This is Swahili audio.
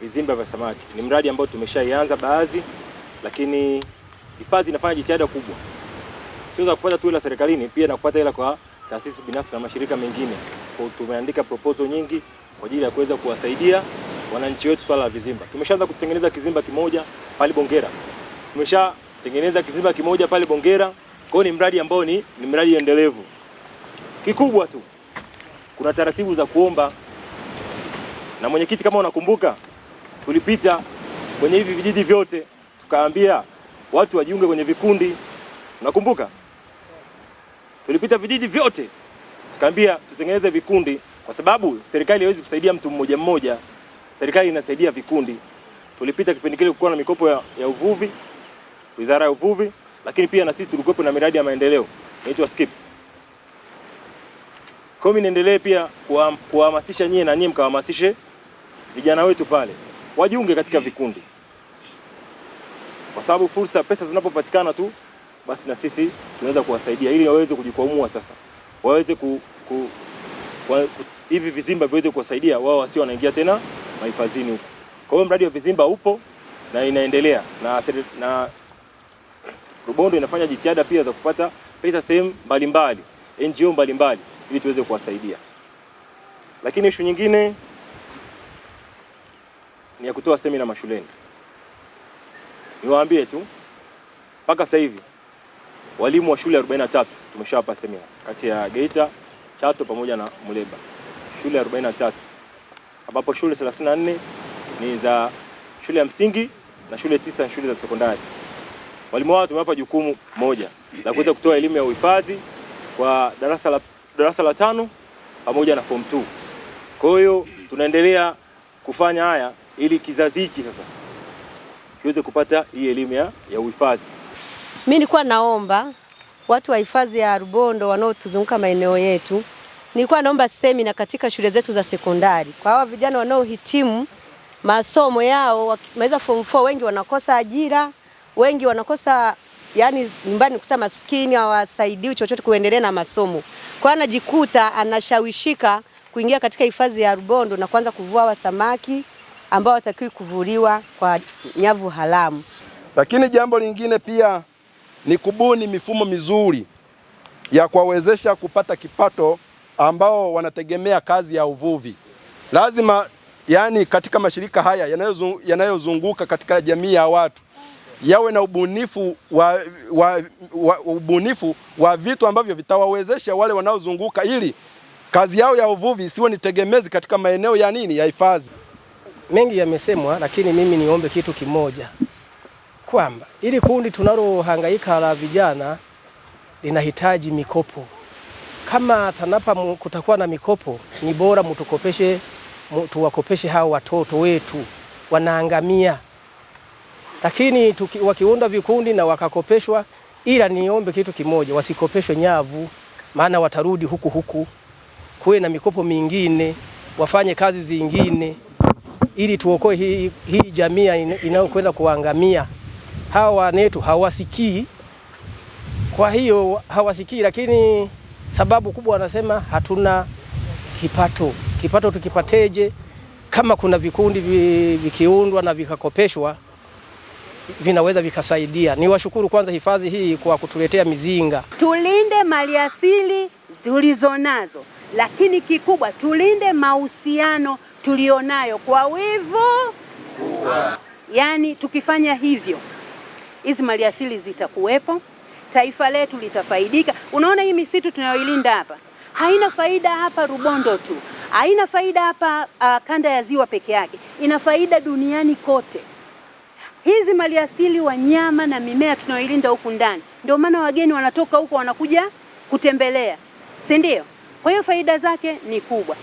vizimba vya samaki. Ni mradi ambao tumeshaianza baadhi, lakini hifadhi inafanya jitihada kubwa, sio za kupata tu hela serikalini, pia na kupata hela kwa taasisi binafsi na mashirika mengine. Kwa tumeandika proposal nyingi kwa ajili ya kuweza kuwasaidia wananchi wetu swala la vizimba. Tumeshaanza kutengeneza kizimba kimoja pale Bongera, tumeshatengeneza kizimba kimoja pale Bongera. Kwa ni mradi ambao ni, ni mradi endelevu. Kikubwa tu kuna taratibu za kuomba na mwenyekiti, kama unakumbuka tulipita kwenye hivi vijiji vyote tukaambia watu wajiunge kwenye vikundi. Unakumbuka, tulipita vijiji vyote tukaambia tutengeneze vikundi, kwa sababu serikali haiwezi kusaidia mtu mmoja mmoja, serikali inasaidia vikundi. Tulipita kipindi kile kukuwa na mikopo ya, ya uvuvi, wizara ya uvuvi, lakini pia na sisi tulikuwepo na miradi ya maendeleo inaitwa skip. Kwa mimi niendelee pia kuhamasisha nyie na nyie mkawahamasishe vijana wetu pale wajiunge katika vikundi, kwa sababu fursa, pesa zinapopatikana tu basi na sisi tunaweza kuwasaidia ili waweze kujikwamua sasa, waweze ku, ku, wa, ku, hivi vizimba viweze kuwasaidia wao, wasio wanaingia tena mahifadhini huko. Kwa hiyo mradi wa vizimba upo na inaendelea na, na Rubondo inafanya jitihada pia za kupata pesa sehemu mbalimbali, NGO mbalimbali ili tuweze kuwasaidia, lakini ishu nyingine ni ya kutoa semina mashuleni. Niwaambie tu mpaka sasa hivi walimu wa shule 43 tumeshawapa semina kati ya Geita, Chato pamoja na Muleba, shule 43 ambapo shule 34 ni za shule ya msingi na shule tisa ni shule za sekondari. Walimu wao tumewapa jukumu moja la kuweza kutoa elimu ya uhifadhi kwa darasa la, darasa la tano pamoja na form 2. Kwa hiyo tunaendelea kufanya haya ili kizazi hiki sasa kiweze kupata hii elimu ya uhifadhi. Mimi nilikuwa naomba watu wa hifadhi ya Rubondo wanaotuzunguka maeneo yetu, nilikuwa naomba semina katika shule zetu za sekondari kwa hawa vijana wanaohitimu masomo yao maweza form 4, wengi wanakosa ajira, wengi wanakosa yani nyumbani kuta maskini hawasaidii chochote kuendelea na masomo, kwa anajikuta anashawishika kuingia katika hifadhi ya Rubondo na kuanza kuvua wa samaki ambao watakiwi kuvuliwa kwa nyavu haramu. Lakini jambo lingine pia ni kubuni mifumo mizuri ya kuwawezesha kupata kipato ambao wanategemea kazi ya uvuvi. Lazima yani, katika mashirika haya yanayozunguka katika jamii ya watu yawe na ubunifu wa, wa, wa, ubunifu wa vitu ambavyo vitawawezesha wale wanaozunguka ili kazi yao ya uvuvi isiwe ni tegemezi katika maeneo ya nini ya hifadhi mengi yamesemwa, lakini mimi niombe kitu kimoja kwamba ili kundi tunalohangaika la vijana linahitaji mikopo. Kama TANAPA kutakuwa na mikopo, ni bora mtukopeshe, tuwakopeshe hao watoto wetu wanaangamia. Lakini tuki, wakiunda vikundi na wakakopeshwa, ila niombe kitu kimoja, wasikopeshwe nyavu, maana watarudi huku huku. Kuwe na mikopo mingine, wafanye kazi zingine ili tuokoe hii, hii jamii inayokwenda kuangamia. Hawa wanetu hawasikii, kwa hiyo hawasikii, lakini sababu kubwa wanasema hatuna kipato. Kipato tukipateje? Kama kuna vikundi vikiundwa na vikakopeshwa vinaweza vikasaidia. Ni washukuru kwanza hifadhi hii kwa kutuletea mizinga. Tulinde maliasili tulizonazo, lakini kikubwa tulinde mahusiano tulionayo kwa wivu. Yaani tukifanya hivyo hizi asili zitakuwepo, taifa letu litafaidika. Unaona hii misitu tunayoilinda hapa haina faida hapa Rubondo tu, haina faida hapa uh, kanda ya ziwa peke yake, ina faida duniani kote. Hizi maliasili, wanyama na mimea tunayoilinda huku ndani, ndio maana wageni wanatoka huko wanakuja kutembelea, si ndio? Kwa hiyo faida zake ni kubwa.